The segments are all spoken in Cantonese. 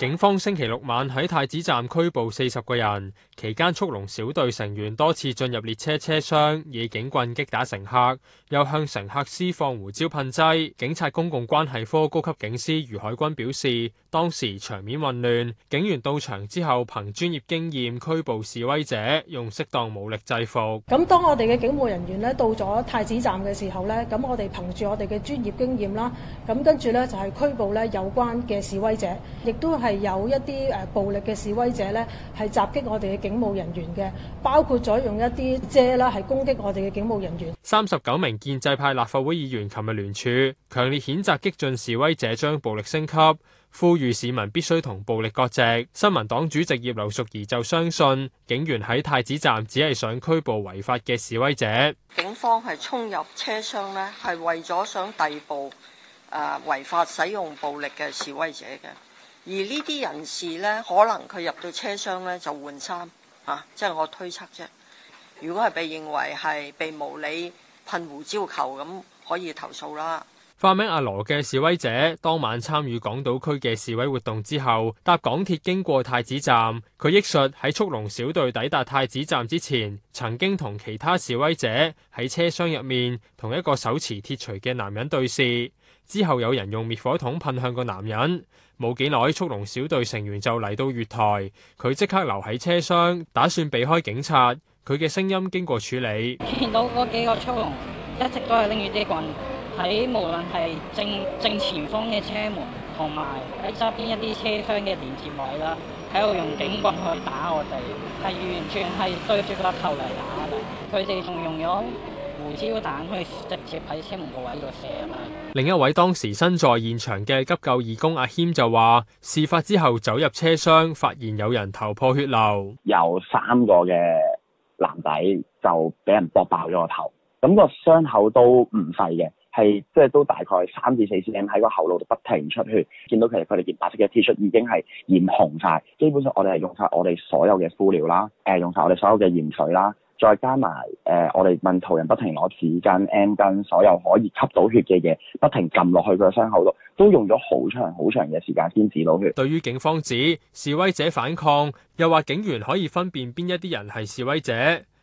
警方星期六晚喺太子站拘捕四十個人，期間速龍小隊成員多次進入列車車廂以警棍擊打乘客，又向乘客施放胡椒噴劑。警察公共關係科高級警司余海君表示，當時場面混亂，警員到場之後憑專業經驗拘捕示威者，用適當武力制服。咁當我哋嘅警務人員咧到咗太子站嘅時候咧，咁我哋憑住我哋嘅專業經驗啦，咁跟住咧就係拘捕咧有關嘅示威者，亦都係。係有一啲誒暴力嘅示威者呢，係襲擊我哋嘅警務人員嘅，包括咗用一啲遮啦，係攻擊我哋嘅警務人員。三十九名建制派立法會議員琴日聯署，強烈譴責激進示威者將暴力升級，呼籲市民必須同暴力割席。新民黨主席葉劉淑儀就相信警員喺太子站只係想拘捕違法嘅示威者。警方係衝入車廂呢，係為咗想逮捕誒、呃、違法使用暴力嘅示威者嘅。而呢啲人士呢，可能佢入到車廂呢就換衫，啊，即係我推測啫。如果係被認為係被無理噴胡椒球，咁可以投訴啦。化名阿羅嘅示威者，當晚參與港島區嘅示威活動之後搭港鐵經過太子站，佢憶述喺速龍小隊抵達太子站之前，曾經同其他示威者喺車廂入面，同一個手持鐵錘嘅男人對視。之後有人用滅火筒噴向個男人，冇幾耐，速龍小隊成員就嚟到月台，佢即刻留喺車廂，打算避開警察。佢嘅聲音經過處理，見到嗰幾個速龍一直都係拎住啲棍喺，無論係正正前方嘅車門，同埋喺側邊一啲車廂嘅連接位啦，喺度用警棍去打我哋，係完全係對住個頭嚟打。佢哋仲用咗。胡椒彈可以直接喺車門個位度射啊嘛！另一位當時身在現場嘅急救義工阿謙就話，事發之後走入車廂，發現有人頭破血流，有三個嘅男仔就俾人搏爆咗個頭，咁、那個傷口都唔細嘅。係即係都大概三至四 cm 喺個喉嚨度不停出血，見到其實佢哋件白色嘅 T 恤已經係染紅晒，基本上我哋係用晒我哋所有嘅敷料啦，誒用晒我哋所有嘅鹽水啦，再加埋誒我哋問途人不停攞紙巾、M 巾，所有可以吸到血嘅嘢，不停撳落去個傷口度，都用咗好長好長嘅時間先止到血。對於警方指示威者反抗，又話警員可以分辨邊一啲人係示威者。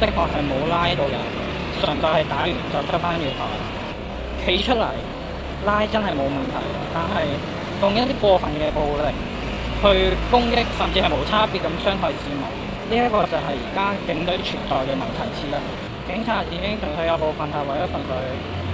的確係冇拉到人，純粹係打完就出翻尿盆，企出嚟拉真係冇問題，但係用一啲過分嘅暴力去攻擊，甚至係冇差別咁傷害市民，呢、這、一個就係而家警隊存在嘅問題之一。警察已經同佢有部分係為咗鎮隊，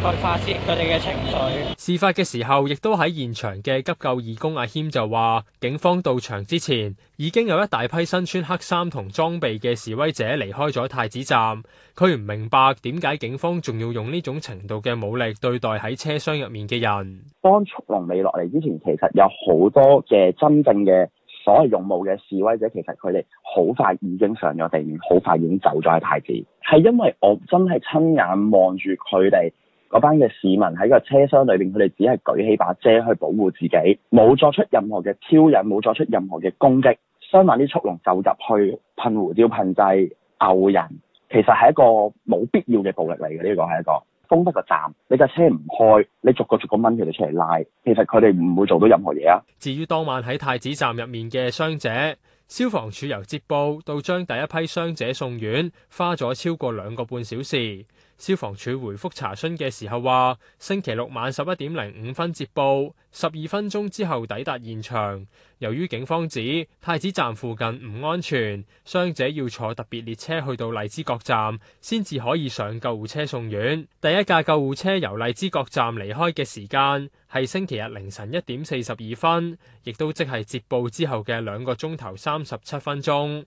去發泄佢哋嘅情緒。事發嘅時候，亦都喺現場嘅急救義工阿謙就話：警方到場之前，已經有一大批身穿黑衫同裝備嘅示威者離開咗太子站。佢唔明白點解警方仲要用呢種程度嘅武力對待喺車廂入面嘅人。當速龍未落嚟之前，其實有好多嘅真正嘅。所謂勇武嘅示威者，其實佢哋好快已經上咗地面，好快已經走咗喺太子，係因為我真係親眼望住佢哋嗰班嘅市民喺個車廂裏邊，佢哋只係舉起把遮去保護自己，冇作出任何嘅挑釁，冇作出任何嘅攻擊。相反，啲速龍就入去噴胡椒噴劑、毆人，其實係一個冇必要嘅暴力嚟嘅，呢個係一個。封得個站，你架車唔開，你逐個逐個掹佢哋出嚟拉，其實佢哋唔會做到任何嘢啊。至於當晚喺太子站入面嘅傷者。消防處由接報到將第一批傷者送院，花咗超過兩個半小時。消防處回復查詢嘅時候話：星期六晚十一點零五分接報，十二分鐘之後抵達現場。由於警方指太子站附近唔安全，傷者要坐特別列車去到荔枝角站，先至可以上救護車送院。第一架救護車由荔枝角站離開嘅時間。係星期日凌晨一點四十二分，亦都即係接報之後嘅兩個鐘頭三十七分鐘。